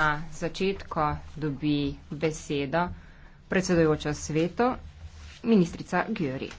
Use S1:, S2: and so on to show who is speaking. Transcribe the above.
S1: na začetku dobi besedo predsedujoča svetu, ministrica Gjuri.